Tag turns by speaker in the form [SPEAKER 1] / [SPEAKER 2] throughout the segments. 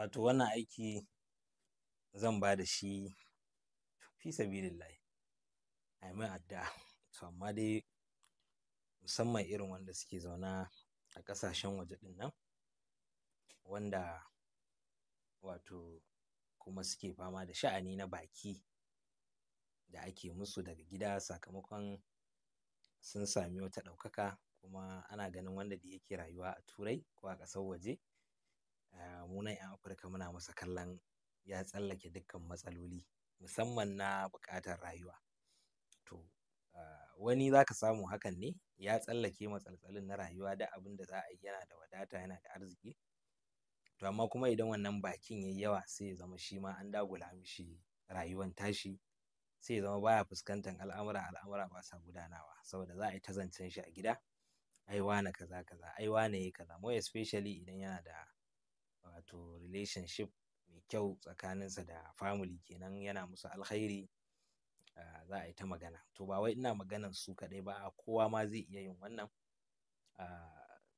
[SPEAKER 1] wato wannan aiki zan ba da shi fi sabilillahi a yi mai addu'a to amma dai musamman irin wanda suke zauna a ƙasashen waje ɗin nan wanda wato kuma suke fama da sha'ani na baki da ake musu daga gida sakamakon sun sami wata ɗaukaka kuma ana ganin wanda da yake rayuwa a turai ko a ƙasar waje mu nan 'yan Afirka muna masa kallon ya tsallake dukkan matsaloli musamman na buƙatar rayuwa. To wani za ka samu hakan ne ya tsallake matsaltsalin na rayuwa da abin da za a yi yana da wadata yana da arziki. To amma kuma idan wannan bakin ya yi yawa sai ya zama shi ma an dagula mishi rayuwan tashi sai ya zama baya fuskantar al'amura al'amura ba sa gudanawa saboda za a yi ta zancen shi a gida ai wane kaza kaza ai wane yayi kaza more especially idan yana da wato relationship mai kyau tsakaninsa da family kenan yana musu alkhairi za a yi ta magana to ba wai ina maganan su kadai ba kowa ma zai iya yin wannan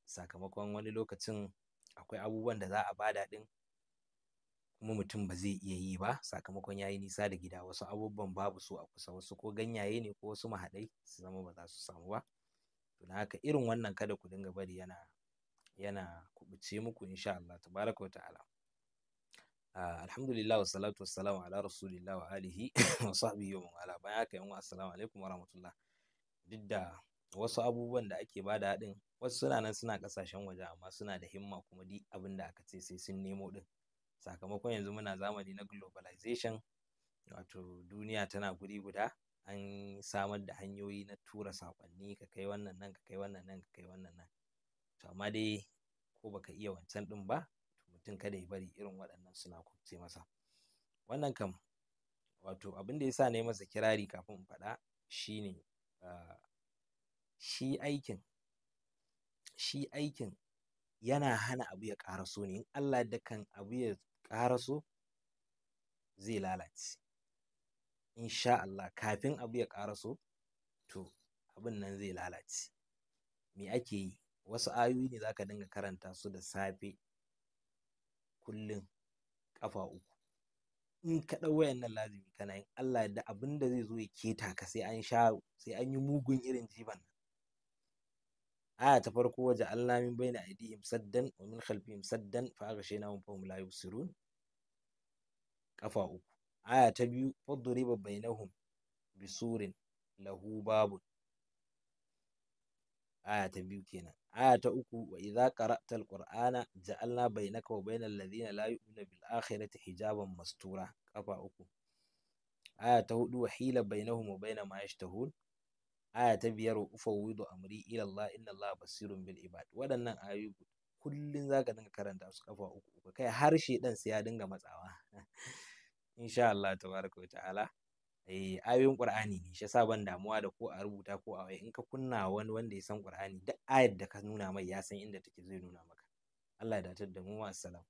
[SPEAKER 1] sakamakon wani lokacin akwai abubuwan da za a bada din kuma mutum ba zai iya yi ba sakamakon yayi nisa da gida wasu abubuwan babu su a kusa wasu ko ganyaye ne ko wasu mahadai su zama ba za su samu ba to haka irin wannan kada ku dinga bari yana yana kubuce muku insha Allah tabaraka wa ta'ala ah, alhamdulillah wa salatu wa salamu ala rasulillah wa alihi wa sahbihi wa ala bayan haka yan assalamu alaikum wa rahmatullah duk da wasu abubuwan da ake bada haɗin wasu suna nan suna kasashen waje amma suna da himma kuma duk abin da aka ce sai sun nemo din sakamakon yanzu muna zamani na globalization wato duniya tana guri guda an samar da hanyoyi na tura saƙonni ka kai wannan nan ka kai wannan nan ka kai wannan nan to amma dai ko baka iya wancan ɗin ba to mutum kada ya bari irin waɗannan suna kubce masa wannan kam wato abin da yasa na yi masa kirari kafin in faɗa shine ah, shi aikin shi aikin yana hana abu ya ƙaraso ne in Allah da kan abu ya ƙaraso zai lalace insha Allah kafin abu ya ƙaraso to abin nan zai lalace me ake yi wasu ayoyi ne za ka dinga karanta su da safe kullum kafa uku in ka ɗau wayannan lazimi kana yin Allah da abin da zai zo ya keta ka sai an sha sai an yi mugun irin jiban aya ta farko waje Allah min baina aidihim saddan wa min khalfihim saddan fa aghshayna hum la yubsirun kafa uku aya ta biyu fadriba bainahum bisurin lahu babun aya ta biyu kenan aya ta uku wa idza qara'ta alqur'ana ja'alna bainaka wa bainal ladina la yu'minuna bil akhirati hijaban mastura kafa uku aya ta hudu wa hila bainahum wa baina ma yashtahun aya ta biyar wa ufawwidu amri ila Allah inna Allah basirun bil ibad waɗannan ayoyi kullun zaka dinga karanta su kafa uku kai harshe dan sai ya dinga matsawa insha Allah tabaraka wa ta'ala eh ayoyin Qur'ani ne shi yasa ban damuwa da ko a rubuta ko a wai in ka kunna wani wanda ya san Qur'ani duk ayar da ka nuna mai ya san inda take zai nuna maka Allah ya datar da mu assalamu